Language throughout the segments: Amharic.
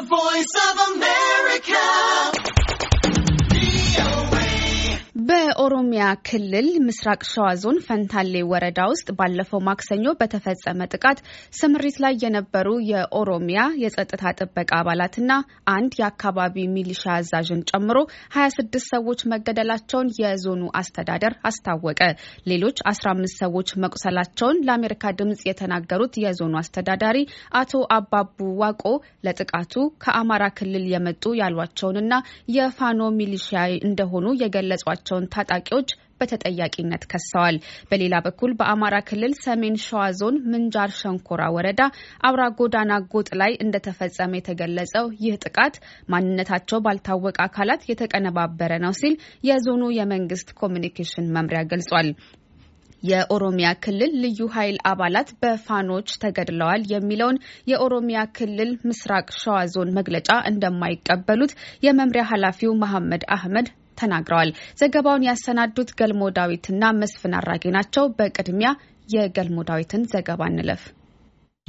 The Voice of a man. በኦሮሚያ ክልል ምስራቅ ሸዋ ዞን ፈንታሌ ወረዳ ውስጥ ባለፈው ማክሰኞ በተፈጸመ ጥቃት ስምሪት ላይ የነበሩ የኦሮሚያ የጸጥታ ጥበቃ አባላትና አንድ የአካባቢ ሚሊሻ አዛዥን ጨምሮ 26 ሰዎች መገደላቸውን የዞኑ አስተዳደር አስታወቀ። ሌሎች 15 ሰዎች መቁሰላቸውን ለአሜሪካ ድምጽ የተናገሩት የዞኑ አስተዳዳሪ አቶ አባቡ ዋቆ ለጥቃቱ ከአማራ ክልል የመጡ ያሏቸውንና የፋኖ ሚሊሻ እንደሆኑ የገለጿቸውን ታጣቂ ታጣቂዎች በተጠያቂነት ከሰዋል። በሌላ በኩል በአማራ ክልል ሰሜን ሸዋ ዞን ምንጃር ሸንኮራ ወረዳ አብራ ጎዳና ጎጥ ላይ እንደተፈጸመ የተገለጸው ይህ ጥቃት ማንነታቸው ባልታወቀ አካላት የተቀነባበረ ነው ሲል የዞኑ የመንግስት ኮሚኒኬሽን መምሪያ ገልጿል። የኦሮሚያ ክልል ልዩ ኃይል አባላት በፋኖች ተገድለዋል የሚለውን የኦሮሚያ ክልል ምስራቅ ሸዋ ዞን መግለጫ እንደማይቀበሉት የመምሪያ ኃላፊው መሐመድ አህመድ ተናግረዋል። ዘገባውን ያሰናዱት ገልሞ ዳዊትና መስፍን አራጌ ናቸው። በቅድሚያ የገልሞ ዳዊትን ዘገባ እንለፍ።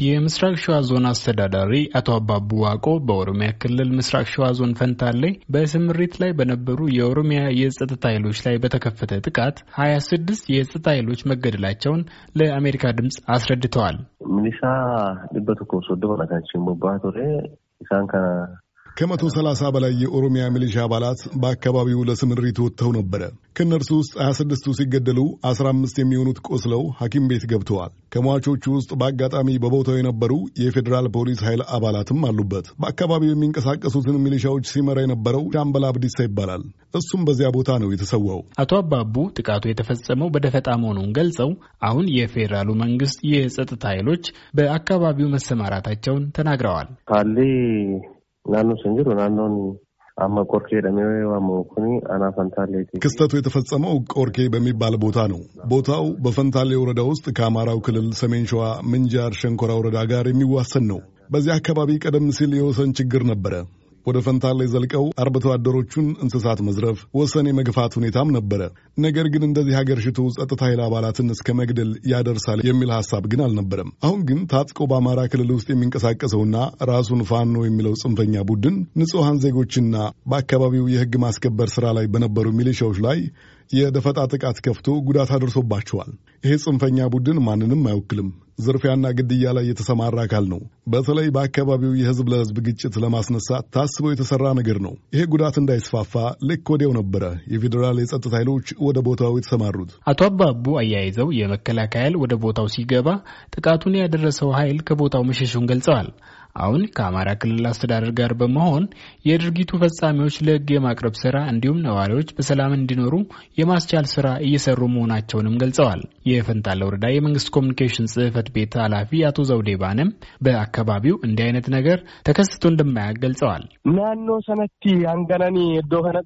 የምስራቅ ሸዋ ዞን አስተዳዳሪ አቶ አባቡ ዋቆ በኦሮሚያ ክልል ምስራቅ ሸዋ ዞን ፈንታሌ በስምሪት ላይ በነበሩ የኦሮሚያ የጸጥታ ኃይሎች ላይ በተከፈተ ጥቃት ሀያ ስድስት የጸጥታ ኃይሎች መገደላቸውን ለአሜሪካ ድምፅ አስረድተዋል። ሚሊሻ ልበት ኮሶዶ ናካችን ሞባ ኢሳን ከ ከመቶ ሰላሳ በላይ የኦሮሚያ ሚሊሻ አባላት በአካባቢው ለስምሪት ወጥተው ነበረ። ከእነርሱ ውስጥ 26 ሲገደሉ 15 የሚሆኑት ቆስለው ሐኪም ቤት ገብተዋል። ከሟቾቹ ውስጥ በአጋጣሚ በቦታው የነበሩ የፌዴራል ፖሊስ ኃይል አባላትም አሉበት። በአካባቢው የሚንቀሳቀሱትን ሚሊሻዎች ሲመራ የነበረው ሻምበል አብዲሳ ይባላል። እሱም በዚያ ቦታ ነው የተሰዋው። አቶ አባቡ ጥቃቱ የተፈጸመው በደፈጣ መሆኑን ገልጸው አሁን የፌዴራሉ መንግስት የጸጥታ ኃይሎች በአካባቢው መሰማራታቸውን ተናግረዋል። ናኖ ስንጅሩ ናኖን አማ ቆርኬ ክስተቱ የተፈጸመው ቆርኬ በሚባል ቦታ ነው። ቦታው በፈንታሌ ወረዳ ውስጥ ከአማራው ክልል ሰሜን ሸዋ ምንጃር ሸንኮራ ወረዳ ጋር የሚዋሰን ነው። በዚህ አካባቢ ቀደም ሲል የወሰን ችግር ነበረ። ወደ ፈንታሌ ዘልቀው አርብቶ አደሮቹን እንስሳት መዝረፍ፣ ወሰን የመግፋት ሁኔታም ነበረ። ነገር ግን እንደዚህ ሀገር ሽቶ ጸጥታ ኃይል አባላትን እስከ መግደል ያደርሳል የሚል ሀሳብ ግን አልነበረም። አሁን ግን ታጥቆ በአማራ ክልል ውስጥ የሚንቀሳቀሰውና ራሱን ፋኖ የሚለው ጽንፈኛ ቡድን ንጹሐን ዜጎችና በአካባቢው የህግ ማስከበር ስራ ላይ በነበሩ ሚሊሻዎች ላይ የደፈጣ ጥቃት ከፍቶ ጉዳት አድርሶባቸዋል። ይሄ ጽንፈኛ ቡድን ማንንም አይወክልም። ዝርፊያና ግድያ ላይ የተሰማራ አካል ነው። በተለይ በአካባቢው የህዝብ ለህዝብ ግጭት ለማስነሳት ታስቦ የተሰራ ነገር ነው። ይሄ ጉዳት እንዳይስፋፋ ልክ ወዲያው ነበረ የፌዴራል የጸጥታ ኃይሎች ወደ ቦታው የተሰማሩት። አቶ አባቡ አያይዘው የመከላከያ ኃይል ወደ ቦታው ሲገባ ጥቃቱን ያደረሰው ኃይል ከቦታው መሸሹን ገልጸዋል። አሁን ከአማራ ክልል አስተዳደር ጋር በመሆን የድርጊቱ ፈጻሚዎች ለሕግ የማቅረብ ስራ እንዲሁም ነዋሪዎች በሰላም እንዲኖሩ የማስቻል ስራ እየሰሩ መሆናቸውንም ገልጸዋል። የፈንታለ ወረዳ የመንግስት ኮሚኒኬሽን ጽህፈት ቤት ኃላፊ አቶ ዘውዴ ባነም በአካባቢው እንዲህ አይነት ነገር ተከስቶ እንደማያውቅ ገልጸዋል። ናኖ ሰነቲ አንገነኒ ዶ ከነ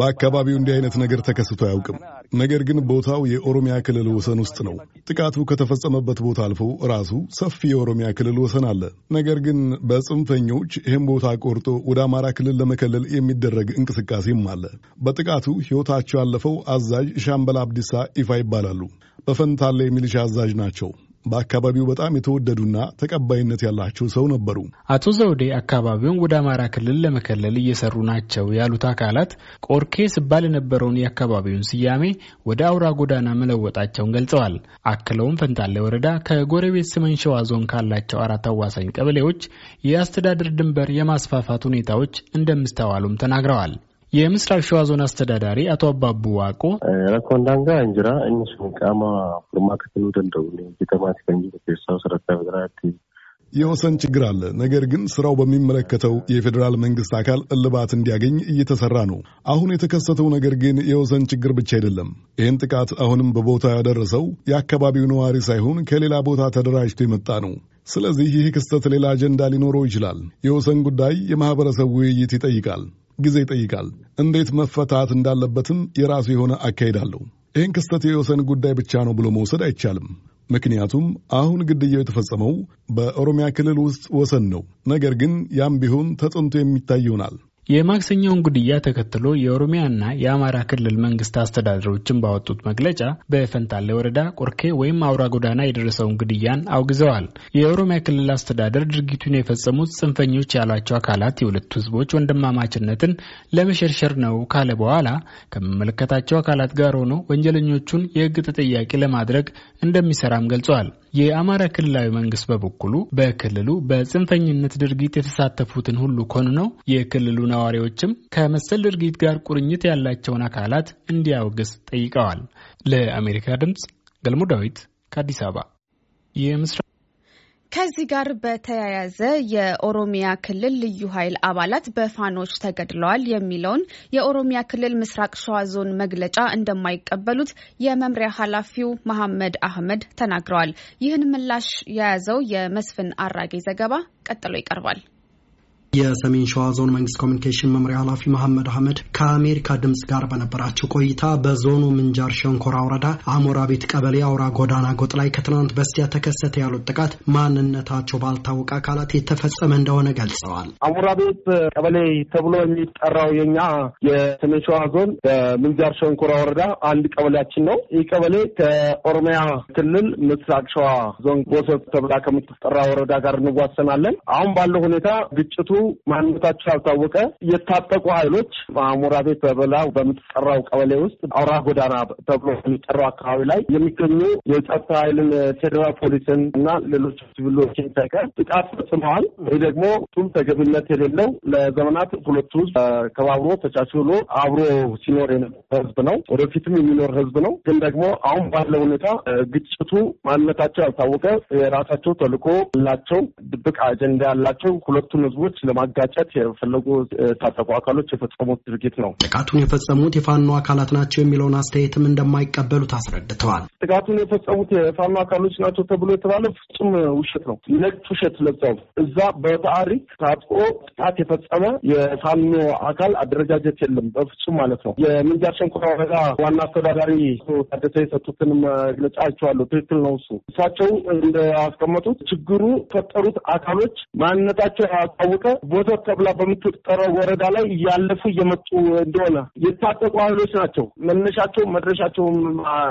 በአካባቢው እንዲህ አይነት ነገር ተከስቶ አያውቅም። ነገር ግን ቦታው የኦሮሚያ ክልል ወሰን ውስጥ ነው። ጥቃቱ ከተፈጸመበት ቦታ አልፎ ራሱ ሰፊ የኦሮሚያ ክልል ወሰን አለ። ነገር ግን በጽንፈኞች ይህም ቦታ ቆርጦ ወደ አማራ ክልል ለመከለል የሚደረግ እንቅስቃሴም አለ። በጥቃቱ ሕይወታቸው ያለፈው አዛዥ ሻምበል አብዲሳ ይፋ ይባላሉ። በፈንታሌ ሚሊሻ አዛዥ ናቸው። በአካባቢው በጣም የተወደዱና ተቀባይነት ያላቸው ሰው ነበሩ። አቶ ዘውዴ አካባቢውን ወደ አማራ ክልል ለመከለል እየሰሩ ናቸው ያሉት አካላት ቆርኬ ስባል የነበረውን የአካባቢውን ስያሜ ወደ አውራ ጎዳና መለወጣቸውን ገልጸዋል። አክለውም ፈንታሌ ወረዳ ከጎረቤት ሰሜን ሸዋ ዞን ካላቸው አራት አዋሳኝ ቀበሌዎች የአስተዳደር ድንበር የማስፋፋት ሁኔታዎች እንደሚስተዋሉም ተናግረዋል። የምስራቅ ሸዋ ዞን አስተዳዳሪ አቶ አባቡ ዋቆ ረኮንዳንጋ እንጅራ እነሱ ቃማ ርማ ክትሉ ደልደው ጌተማት ከንጅ ሳው ስረታ ብድራት የወሰን ችግር አለ። ነገር ግን ስራው በሚመለከተው የፌዴራል መንግስት አካል እልባት እንዲያገኝ እየተሰራ ነው። አሁን የተከሰተው ነገር ግን የወሰን ችግር ብቻ አይደለም። ይህን ጥቃት አሁንም በቦታ ያደረሰው የአካባቢው ነዋሪ ሳይሆን ከሌላ ቦታ ተደራጅቶ የመጣ ነው። ስለዚህ ይህ ክስተት ሌላ አጀንዳ ሊኖረው ይችላል። የወሰን ጉዳይ የማህበረሰብ ውይይት ይጠይቃል። ጊዜ ይጠይቃል። እንዴት መፈታት እንዳለበትም የራሱ የሆነ አካሄድ አለው። ይህን ክስተት የወሰን ጉዳይ ብቻ ነው ብሎ መውሰድ አይቻልም። ምክንያቱም አሁን ግድያው የተፈጸመው በኦሮሚያ ክልል ውስጥ ወሰን ነው። ነገር ግን ያም ቢሆን ተጽንቶ የሚታይ ይሆናል። የማክሰኛውን ግድያ ተከትሎ የኦሮሚያና የአማራ ክልል መንግስት አስተዳደሮችን ባወጡት መግለጫ በፈንታሌ ወረዳ ቆርኬ ወይም አውራ ጎዳና የደረሰውን ግድያን አውግዘዋል። የኦሮሚያ ክልል አስተዳደር ድርጊቱን የፈጸሙት ጽንፈኞች ያሏቸው አካላት የሁለቱ ህዝቦች ወንድማማችነትን ለመሸርሸር ነው ካለ በኋላ ከሚመለከታቸው አካላት ጋር ሆኖ ወንጀለኞቹን የህግ ተጠያቂ ለማድረግ እንደሚሰራም ገልጸዋል። የአማራ ክልላዊ መንግስት በበኩሉ በክልሉ በጽንፈኝነት ድርጊት የተሳተፉትን ሁሉ ነው። የክልሉ ነዋሪዎችም ከመሰል ድርጊት ጋር ቁርኝት ያላቸውን አካላት እንዲያውግስ ጠይቀዋል። ለአሜሪካ ድምፅ ገልሞ ዳዊት ከአዲስ አበባ ከዚህ ጋር በተያያዘ የኦሮሚያ ክልል ልዩ ኃይል አባላት በፋኖች ተገድለዋል የሚለውን የኦሮሚያ ክልል ምስራቅ ሸዋ ዞን መግለጫ እንደማይቀበሉት የመምሪያ ኃላፊው መሐመድ አህመድ ተናግረዋል። ይህን ምላሽ የያዘው የመስፍን አራጌ ዘገባ ቀጥሎ ይቀርባል። የሰሜን ሸዋ ዞን መንግስት ኮሚኒኬሽን መምሪያ ኃላፊ መሐመድ አህመድ ከአሜሪካ ድምጽ ጋር በነበራቸው ቆይታ በዞኑ ምንጃር ሸንኮራ ወረዳ አሞራ ቤት ቀበሌ አውራ ጎዳና ጎጥ ላይ ከትናንት በስቲያ ተከሰተ ያሉት ጥቃት ማንነታቸው ባልታወቀ አካላት የተፈጸመ እንደሆነ ገልጸዋል። አሞራ ቤት ቀበሌ ተብሎ የሚጠራው የኛ የሰሜን ሸዋ ዞን በምንጃር ሸንኮራ ወረዳ አንድ ቀበሌያችን ነው። ይህ ቀበሌ ከኦሮሚያ ክልል ምስራቅ ሸዋ ዞን ቦሰት ተብላ ከምትጠራ ወረዳ ጋር እንዋሰናለን። አሁን ባለው ሁኔታ ግጭቱ ማንነታቸው ያልታወቀ የታጠቁ ኃይሎች ማሙራ ቤት በበላ በምትጠራው ቀበሌ ውስጥ አውራ ጎዳና ተብሎ በሚጠራው አካባቢ ላይ የሚገኙ የጸጥታ ኃይልን ፌዴራል ፖሊስን እና ሌሎች ሲቪሎችን ሳይቀር ጥቃት ፈጽመዋል። ይህ ደግሞ ቱም ተገቢነት የሌለው ለዘመናት ሁለቱ ህዝብ ከባብሮ ተቻችሎ አብሮ ሲኖር የነበረ ህዝብ ነው። ወደፊትም የሚኖር ህዝብ ነው። ግን ደግሞ አሁን ባለው ሁኔታ ግጭቱ ማንነታቸው ያልታወቀ የራሳቸው ተልዕኮ ያላቸው ድብቅ አጀንዳ ያላቸው ሁለቱን ህዝቦች ለማጋጨት የፈለጉ ታጠቁ አካሎች የፈጸሙት ድርጊት ነው። ጥቃቱን የፈጸሙት የፋኖ አካላት ናቸው የሚለውን አስተያየትም እንደማይቀበሉት አስረድተዋል። ጥቃቱን የፈጸሙት የፋኖ አካሎች ናቸው ተብሎ የተባለ ፍጹም ውሸት ነው። ነጭ ውሸት ለብሰው እዛ በታሪክ ታጥቆ ጥቃት የፈጸመ የፋኖ አካል አደረጃጀት የለም በፍጹም ማለት ነው። የምንጃር ሸንኮራ ወረዳ ዋና አስተዳዳሪ ታደሰ የሰጡትን መግለጫ አይቼዋለሁ። ትክክል ነው እሱ። እሳቸው እንዳስቀመጡት ችግሩ ፈጠሩት አካሎች ማንነታቸው ያልታወቀ ቦተር ተብላ በምትጠራው ወረዳ ላይ እያለፉ እየመጡ እንደሆነ የታጠቁ ኃይሎች ናቸው። መነሻቸው መድረሻቸው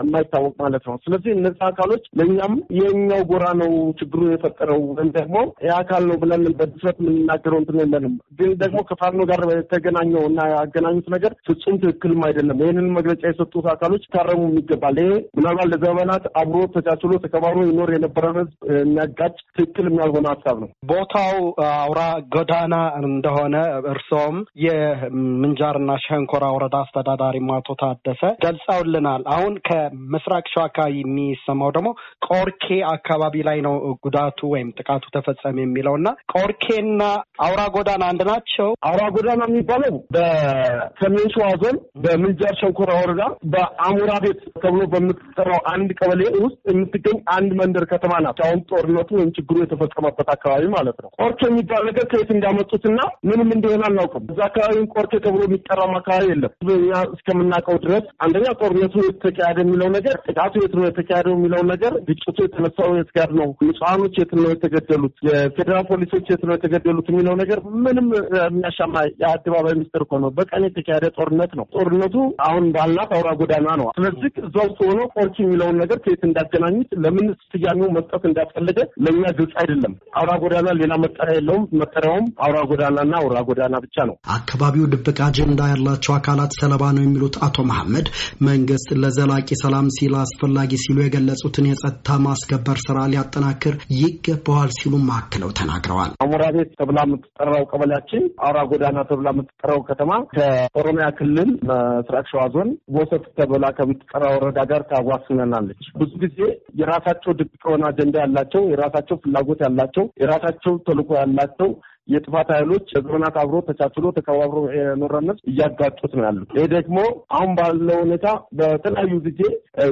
የማይታወቅ ማለት ነው። ማለት ነው። ስለዚህ እነዚህ አካሎች ለእኛም የኛው ጎራ ነው ችግሩ የፈጠረው ወይም ደግሞ የአካል ነው ብለን በድፍረት የምንናገረው እንትን የለንም። ግን ደግሞ ከፋኖ ጋር የተገናኘው እና ያገናኙት ነገር ፍጹም ትክክልም አይደለም። ይህንን መግለጫ የሰጡት አካሎች ታረሙ ይገባል። ይሄ ምናልባት ለዘመናት አብሮ ተቻችሎ ተከባሮ ይኖር የነበረ ህዝብ የሚያጋጭ ትክክል የሚያልሆነ ሀሳብ ነው። ቦታው አውራ ጎዳና እንደሆነ እርስዎም የምንጃርና ሸንኮራ ወረዳ አስተዳዳሪም አቶ ታደሰ ገልጸውልናል። አሁን ከምስራቅ ሸዋ አካባቢ የሚሰማው ደግሞ ቆርኬ አካባቢ ላይ ነው ጉዳቱ ወይም ጥቃቱ ተፈጸመ የሚለው እና ቆርኬና አውራ ጎዳና አንድ ናቸው። አውራ ጎዳና የሚባለው በሰሜን ሸዋ ዞን በምንጃር ሸንኮራ ወረዳ በአሙራ ቤት ተብሎ በምትጠራው አንድ ቀበሌ ውስጥ የምትገኝ አንድ መንደር ከተማ ናት። አሁን ጦርነቱ ወይም ችግሩ የተፈጸመበት አካባቢ ማለት ነው። ቆርኬ የሚባል ነገር ከየት እንዳመጡትና ምንም እንደሆነ አናውቅም። እዛ አካባቢ ቆርኬ ተብሎ የሚጠራም አካባቢ የለም። እኛ እስከምናውቀው ድረስ አንደኛ ጦርነቱ የተካሄደ የሚለው ነገር ጥቃቱ የት ነው የተካሄደው የሚለው ነገር ግጭቱ የተነሳው የት ጋር ነው፣ ንጹሐኖች የት ነው የተገደሉት፣ የፌዴራል ፖሊሶች የት ነው የተገደሉት የሚለው ነገር ምንም የሚያሻማ የአደባባይ ምስጢር እኮ ነው። በቀን የተካሄደ ጦርነት ነው። ጦርነቱ አሁን ባልናት አውራ ጎዳና ነው። ስለዚህ እዛ ውስጥ ሆኖ ቆርኪ የሚለውን ነገር ከየት እንዳገናኙት ለምን ስያሜው መስጠት እንዳስፈለገ ለእኛ ግልጽ አይደለም። አውራ ጎዳና ሌላ መጠሪያ የለውም። መጠሪያውም አውራ ጎዳናና አውራ ጎዳና ብቻ ነው። አካባቢው ድብቅ አጀንዳ ያላቸው አካላት ሰለባ ነው የሚሉት አቶ መሐመድ መንግስት ለዘላቂ ሰላም ሲል አስፈላጊ ሲሉ የገለጹትን የጸጥታ ማስከበር ስራ ሊያጠናክር ይገባዋል ሲሉም አክለው ተናግረዋል። አሞራ ቤት ተብላ የምትጠራው ቀበሌያችን አውራ ጎዳና ተብላ የምትጠራው ከተማ ከኦሮሚያ ክልል ምስራቅ ሸዋ ዞን ቦሰት ተብላ ከምትጠራ ወረዳ ጋር ታዋስነናለች። ብዙ ጊዜ የራሳቸው ድብቅ የሆነ አጀንዳ ያላቸው የራሳቸው ፍላጎት ያላቸው የራሳቸው ተልዕኮ ያላቸው የጥፋት ኃይሎች ዘመናት አብሮ ተቻችሎ ተከባብሮ የኖረነት እያጋጩት ነው ያሉት። ይሄ ደግሞ አሁን ባለው ሁኔታ በተለያዩ ጊዜ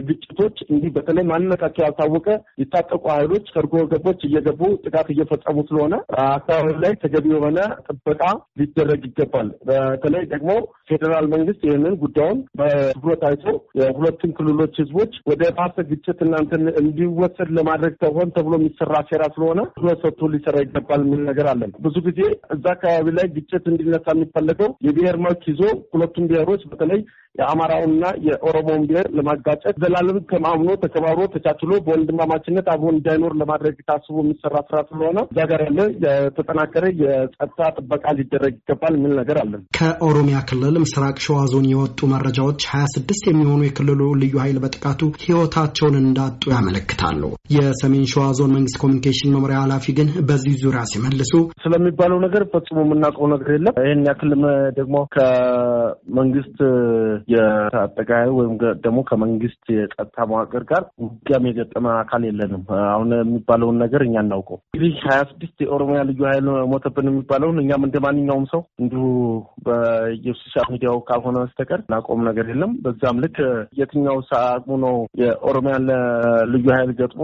ግጭቶች እንዲህ በተለይ ማንነታቸው ያልታወቀ የታጠቁ ኃይሎች ከእርጎ ገቦች እየገቡ ጥቃት እየፈጸሙ ስለሆነ አካባቢ ላይ ተገቢ የሆነ ጥበቃ ሊደረግ ይገባል። በተለይ ደግሞ ፌዴራል መንግስት ይህንን ጉዳዩን በትኩረት አይቶ የሁለቱም ክልሎች ህዝቦች ወደ ባሰ ግጭት እናንተን እንዲወሰድ ለማድረግ ሆን ተብሎ የሚሰራ ሴራ ስለሆነ ትኩረት ሰጥቶ ሊሰራ ይገባል የሚል ነገር አለን ብዙ ጊዜ እዛ አካባቢ ላይ ግጭት እንዲነሳ የሚፈለገው የብሔር መልክ ይዞ ሁለቱም ብሔሮች በተለይ የአማራውንና የኦሮሞውን ብሔር ለማጋጨት ዘላለም ተማምኖ ተከባብሮ ተቻችሎ በወንድማማችነት አብሮ እንዳይኖር ለማድረግ ታስቦ የሚሰራ ስራ ስለሆነ እዛ ጋር ያለ የተጠናከረ የጸጥታ ጥበቃ ሊደረግ ይገባል የሚል ነገር አለን። ከኦሮሚያ ክልል ምስራቅ ሸዋ ዞን የወጡ መረጃዎች ሀያ ስድስት የሚሆኑ የክልሉ ልዩ ኃይል በጥቃቱ ህይወታቸውን እንዳጡ ያመለክታሉ። የሰሜን ሸዋ ዞን መንግስት ኮሚኒኬሽን መምሪያ ኃላፊ ግን በዚህ ዙሪያ ሲመልሱ ስለሚባለው ነገር ፈጽሞ የምናውቀው ነገር የለም። ይህን ያክልም ደግሞ ከመንግስት የአጠቃላይ ወይም ደግሞ ከመንግስት የጸጥታ መዋቅር ጋር ውጊያም የገጠመ አካል የለንም። አሁን የሚባለውን ነገር እኛ እናውቀው። እንግዲህ ሀያ ስድስት የኦሮሚያ ልዩ ኃይል ሞተብን የሚባለውን እኛም እንደ ማንኛውም ሰው እንዲሁ በየሶሻል ሚዲያው ካልሆነ በስተቀር እናቆም ነገር የለም። በዛም ልክ የትኛው ሳቅሙ ነው የኦሮሚያን ልዩ ኃይል ገጥሞ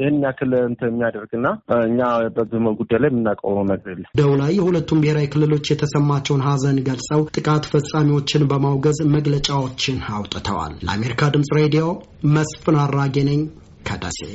ይህን ያክል እንትን የሚያደርግና እኛ በዚህ ጉዳይ ላይ የምናውቀው ነገር የለም። ደው ላይ የሁለቱም ብሔራዊ ክልሎች የተሰማቸውን ሀዘን ገልጸው ጥቃት ፈጻሚዎችን በማውገዝ መግለ መግለጫዎችን አውጥተዋል። ለአሜሪካ ድምፅ ሬዲዮ መስፍን አራጌ ነኝ ከደሴ